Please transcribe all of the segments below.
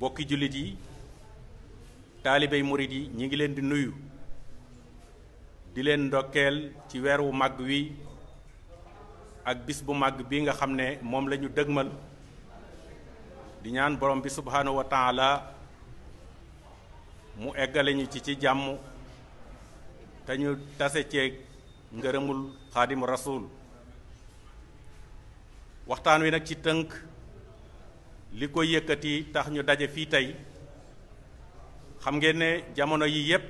bokki jullit yi taalibey murit yi ñi ngi leen di nuyu di leen ndokkeel ci weer wu màgg wi ak bis bu màgg bi nga xam ne moom lañu ñu dëgmal di ñaan borom bi subhaanahu wa mu eggale ñu ci ci jàmm te ñu tase ceeg ngërëmul xaadimu rasuul waxtaan wi nag ci tënk li ko yëkkati tax ñu daje fii tey xam ngeen ne jamono yi yépp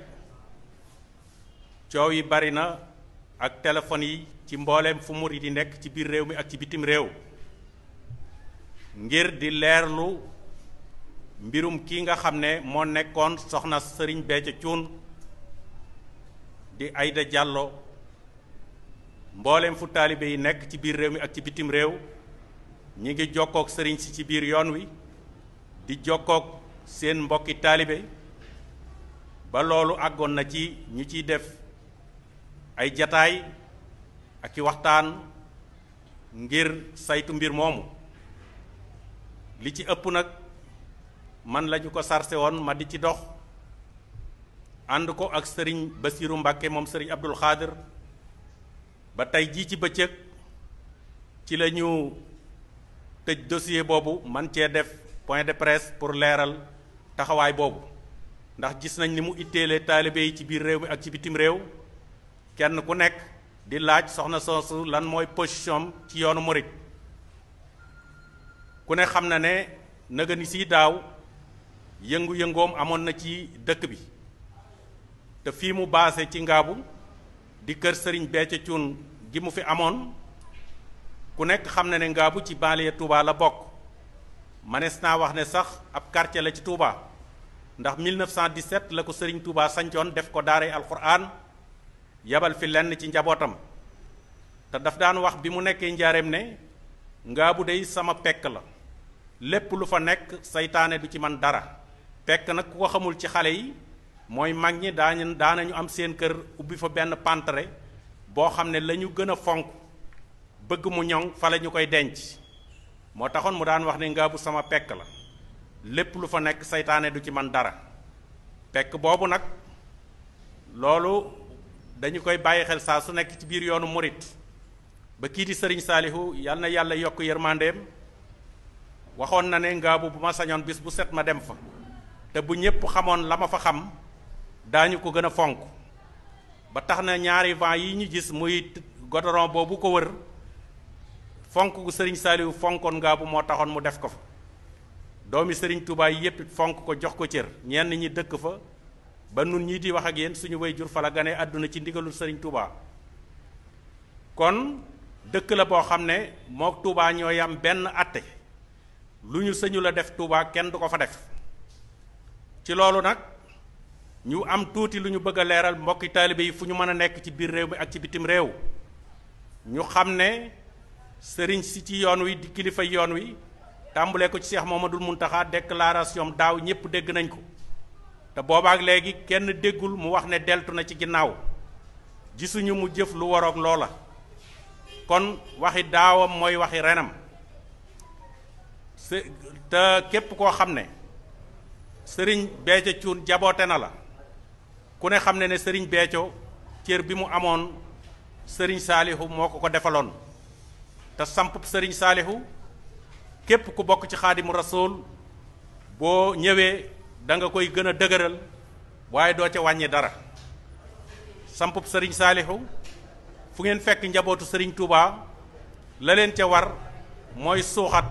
coow yi bari na ak téléphone yi ci mbooleem fu murid yi di nekk ci biir réew mi ak ci bitim réew ngir di leerlu mbirum kii nga xam ne moo nekkoon soxna sëriñ Béthio Thioune di ayda Diallo mbooleem fu taalibe yi nekk ci biir réew mi ak ci bitim réew ñu ngi jokkook sëriñ si ci biir yoon wi di jokkook seen mbokki taalibe ba loolu àggoon na ci ñu ciy def ay jataay ak i waxtaan ngir saytu mbir moomu li ci ëpp nag man lañu ko sarse woon ma di ci dox ànd ko ak sëriñ Basiiru Mbàkke moom sëriñ Abdul Xaadir ba tey jii ci bëccëg ci lañu tëj dossier boobu man cee def point de presse pour leeral taxawaay boobu ndax gis nañ ni mu itteele taalibe yi ci biir réew mi ak ci bitim réew kenn ku nekk di laaj soxna soosu lan mooy position ci yoonu murit ku ne xam na ne naga ni si daaw yëngu-yëngoom amoon na ci dëkk bi te fii mu baase ci ngaabu di kër sëriñ Béthio Thioune gi mu fi amoon ku nekk xam na ne Ngaabu ci banlieue Touba la bokk mënees naa wax ne sax ab quartier la ci Touba ndax 1917 la ko Serigne Touba sancoon def ko daaray alquran yabal fi lenn ci njabootam te daf daan wax bi mu nekkee njaareem ne Ngaabu dey sama pekk la lépp lu fa nekk seytaane du ci man dara pekk nag ku ko xamul ci xale yi mooy mag ñi daañu daanañu am seen kër ubbi fa benn pantre boo xam ne lañu ñu gën a fonk bëgg mu ñoŋ fa la ñu koy denc moo taxoon mu daan wax ni nga bu sama pekk la lépp lu fa nekk seytaane du ci man dara pekk boobu nag loolu dañu koy bàyyi xel saa su nekk ci biir yoonu morit ba kii di sëriñ saalihu yal na yàlla yokk yërmandeem waxoon na ne ngaabu bu ma sañoon bis bu set ma dem fa te bu ñépp xamoon la ma fa xam daañu ko gën a fonk ba tax na ñaari vent yi ñu gis muy godoron boobu ko wër fonk gu sëriñ Saaliwu fonkoon Ngaabu moo taxoon mu def ko fa doomi sëriñ Tuubaa yépp fonk ko jox ko cër ñenn ñi dëkk fa ba nun ñii di wax ak yéen suñu way jur fa gane àdduna ci ndigalul sëriñ Tuubaa kon dëkk la boo xam ne mook Tuubaa ñooy am benn atte lu ñu sëñu la def Tuubaa kenn du ko fa def ci loolu nag ñu am tuuti lu ñu bëgg a leeral mbokki taalibe yi fu ñu mën a nekk ci biir réew mi ak ci bitim réew ñu xam ne sëriñ si ci yoon wi di kilifa yoon wi tàmbulee ko ci Cheikh Mamadou Mountakha déclaration daaw ñëpp dégg nañ ko te boobaak léegi kenn déggul mu wax ne deltu na ci ginnaaw gisuñu mu jëf lu waroog loola kon waxi daawam mooy waxi renam te képp koo xam ne sëriñ Béthio cuun jaboote na la ku ne xam ne ne sëriñ Béthio cër bi mu amoon sëriñ Saalihu moo ko ko defaloon te sampub sëriñ saalihu képp ku bokk ci xaadimu rasool boo ñëwee da nga koy gën a dëgëral waaye doo ca wàññi dara sampub sëriñ saalihu fu ngeen fekk njabootu sëriñ Touba la ca war mooy suuxat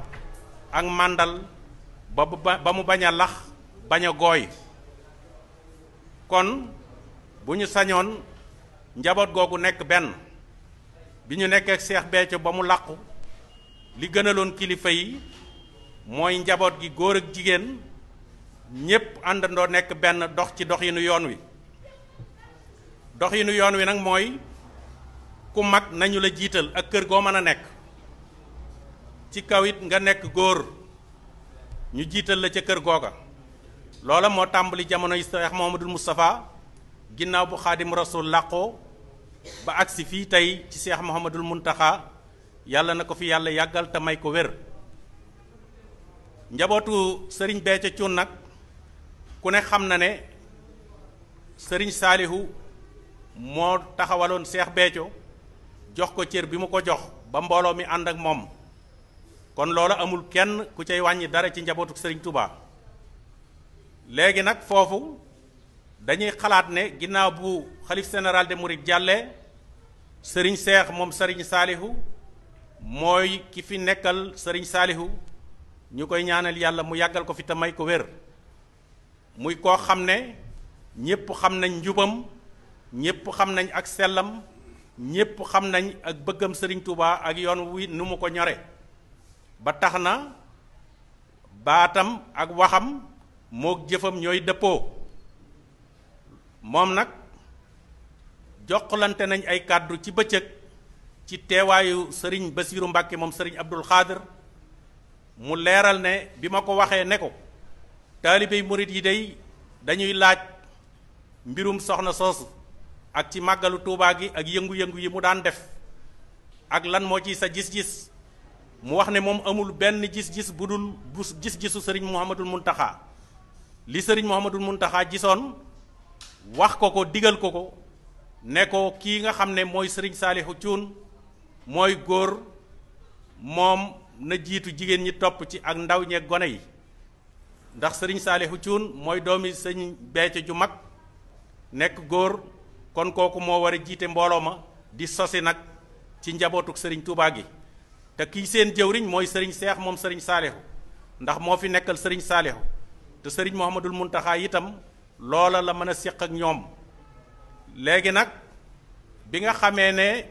ak màndal ba ba mu baña lax bañ a gooy kon bu ñu sañoon njaboot googu nekk benn bi ñu nekk ak Seex Béthio ba mu làqu li gënaloon kilifa yi mooy njaboot gi góor ak jigéen ñépp àndandoo nekk benn dox ci doxinu yoon wi doxinu yoon wi nag mooy ku mag nañu la jiital ak kër goo mën a nekk ci kaw it nga nekk góor ñu jiital la ca kër googa loola moo tàmbali jamono yi Seex Muhammadul Moustapha ginnaaw bu Xaadim Rasul làqoo ba agsi fii tey ci seex mun Muntaxa yàlla na ko fi yàlla yàggal te may ko wér njabootu sëriñ Béthio Thioune nag ku ne xam na ne sëriñ Saalihu moo taxawaloon seex Béthio jox ko cér bi mu ko jox ba mbooloo mi ànd ak moom kon loola amul kenn ku cay wàññi dara ci njabootu sëriñ tubaa léegi nag foofu dañuy xalaat ne ginnaaw bu xalif général de Mouride jàlle sëriñ seex moom sëriñ saalihu mooy kii fi nekkal sëriñ saalihu ñu koy ñaanal yàlla mu yàggal ko fi te may ko wér muy koo xam ne ñépp xam nañ njubam ñépp xam nañ ak sellam ñépp xam nañ ak bëggam sëriñ Touba ak yoon wi nu mu ko ñore ba tax na baatam ak waxam mook jëfam ñooy dëppoo moom nag jokkalante nañ ay kàddu ci bëccëg ci teewaayu sëriñ Basiiru Mbàkke moom sëriñ Abdul Xaadir mu leeral ne bi ma ko waxee ne ko taalibey murit yi day dañuy laaj mbirum soxna soosu ak ci màggalu tuubaa gi ak yëngu-yëngu yi mu daan def ak lan moo ci sa gis-gis mu wax ne moom amul benn gis-gis bu dul bu gis-gisu sëriñ Muhammadul Muntaxaa li sëriñ Muhammadul Muntaxaa gisoon wax ko ko digal ko ko nekkoo kii nga xam ne mooy sëriñ saalihu cuun mooy góor moom na jiitu jigéen ñi topp ci ak ndaw ñe gone yi ndax sëriñ saalihu cuun mooy doomi sëñ beeco ju mag nekk góor kon kooku moo war a jiite mbooloo ma di sosi nag ci njabootuk sëriñ Touba gi te kii seen jëwriñ mooy sëriñ seex moom sëriñ saalihu ndax moo fi nekkal sëriñ saalihu te sëriñ Mouhamadul Muntaxaa itam loola la mën a séq ak ñoom léegi nag bi nga xamee ne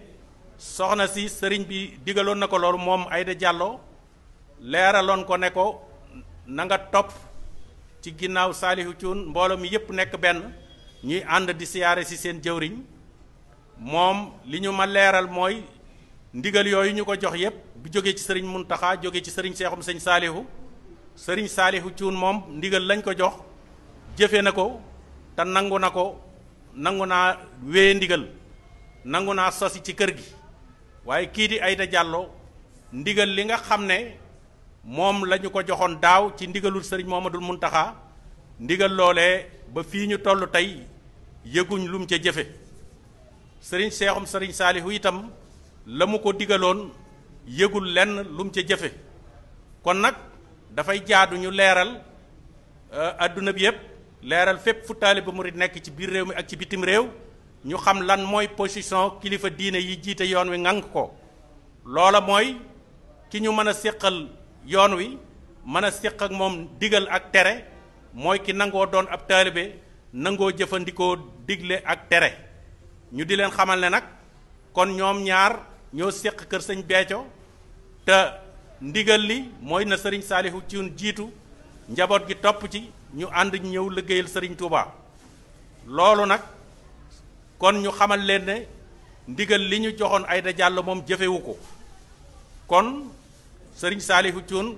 soxna si sëriñ bi digaloon na ko loolu moom Aida jàlloo leeraloon ko ne ko nanga topp ci ginnaaw Saalihu Cuun mbooloo mi yépp nekk benn ñuy ànd di siyaare si seen jëwriñ moom li ñu ma leeral mooy ndigal yooyu ñu ko jox yépp bu jóge ci sëriñ Muntaxa jóge ci sëriñ Seexum sëñ Saalihu sëriñ Saalihu Cuun moom ndigal lañ ko jox jëfe na ko te nangu na ko nangu naa we ndigal nangu naa sosi ci kër gi waaye kii di Aïda Diallo ndigal li nga xam ne moom la ko joxoon daaw ci ndigalul sëriñ Mouhamadoul Mountakha ndigal loole ba fii ñu toll tey yëguñ lum ca jëfe sëriñ seexum sëriñ saalihu itam la mu ko digaloon yëgul lenn lum ca jëfe kon nag dafay jaadu ñu leeral àdduna euh, bi yépp leeral fépp fu taaliba murid nekk ci biir réew mi ak ci bitim réew ñu xam lan mooy position kilifa diine yi jiite yoon wi ngang ko loola mooy ki ñu mën a séqal yoon wi mën a séq ak moom digal ak tere mooy ki nangoo doon ab taalibe nangoo jëfandikoo digle ak tere ñu di leen xamal ne nag kon ñoom ñaar ñoo séq kër sëñ Béthio te ndigal li mooy na sëriñ Saalihu Thioune jiitu njaboot gi topp ci ñu ànd ñëw liggéeyal sëriñ Touba loolu nag kon ñu xamal leen ne ndigal li ñu joxoon ay Diallo moom jëfewu ko kon sëriñ Saalihu Cuun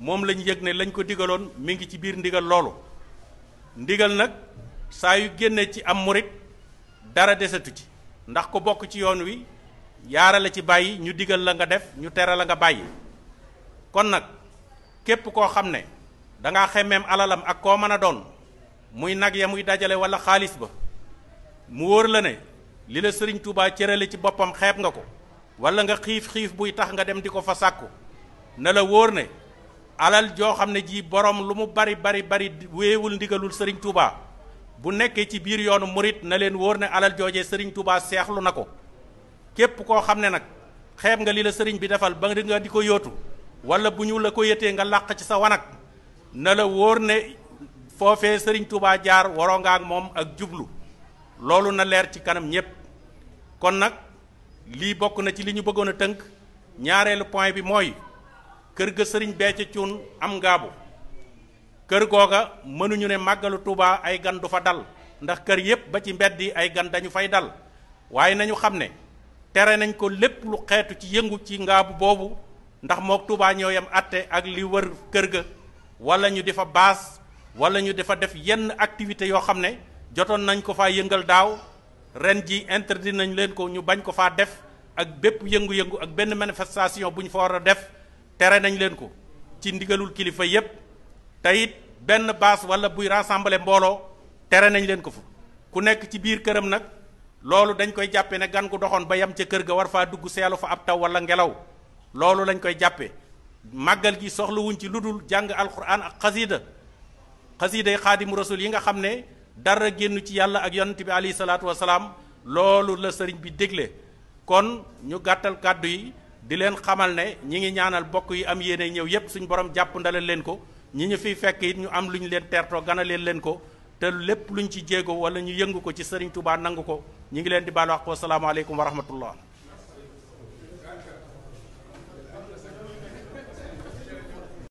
moom lañu yëg ne lañ ko digaloon mi ngi ci biir ndigal loolu ndigal nag saa yu génne ci am murit dara desetu ci ndax ko bokk ci yoon wi yaara la ci bàyyi ñu digal la nga def ñu teral a nga bàyyi kon nag képp koo xam ne dangaa xemmeem alalam ak koo mën a doon muy nag ya muy dajale wala xaalis ba mu wóor la ne li la sëriñ Touba cërale ci boppam xeeb nga ko wala nga xiif xiif buy tax nga dem di ko fa sàkku na la wóor ne alal joo xam ne jii borom lu mu bari bari bari wéewul ndigalul sëriñ Touba bu nekkee ci biir yoonu murit na leen wóor ne alal joojee sëriñ Touba seexlu na ko képp koo xam ne nag xeeb nga li la sëriñ bi defal ba nga di ko yóotu wala bu ñu la ko yëtee nga làq ci sa wanag na la wóor ne foofee sëriñ Touba jaar waroo moom ak jublu loolu na leer ci kanam ñépp kon nag lii bokk na ci li ñu bëggoon a tënk ñaareelu point bi mooy kër ga sëriñ Béthio Thioune am ngaabu kër googa mënuñu ne màggalu Touba ay gan du fa dal ndax kër yépp ba ci mbedd yi ay gan dañu fay dal waaye nañu xam ne tere nañ ko lépp lu xeetu ci yëngu ci ngaabu boobu ndax mook Touba ñoo yam àtte ak li wër kër ga wala ñu di fa baas wala ñu di fa def yenn activité yoo xam ne jotoon nañ ko fa yëngal daaw ren ji interdit nañ leen ko ñu bañ ko faa def ak bépp yëngu-yëngu ak benn manifestation bu ñu fa war a def tere nañ leen ko ci ndigalul kilifa yépp te it benn baas wala buy rassembler mbooloo tere nañ leen ko fu ku nekk ci biir këram nag loolu dañ koy jàppe ne gan gu doxoon ba yam ca kër ga war faa dugg seelu fa ab taw wala ngelaw loolu lañ koy jàppee màggal gi soxlawuñ ci lu dul jàng alquran ak xasiida xasiiday xaadimu rasul yi nga xam ne dara génn ci yàlla ak yonent bi alayhi salaatu loolu la sëriñ bi dégle kon ñu gàttal kàddu yi di leen xamal ne ñi ngi ñaanal bokk yi am yéene ñëw yépp suñ borom jàpp ndalal leen ko ñi ñu fiy fekk it ñu am lu ñu leen teertoo ganaleel leen ko te lépp luñ ci jéego wala ñu yëngu ko ci sëriñ Touba nangu ko ñi ngi leen di baal wax ko salaamaaleykum wa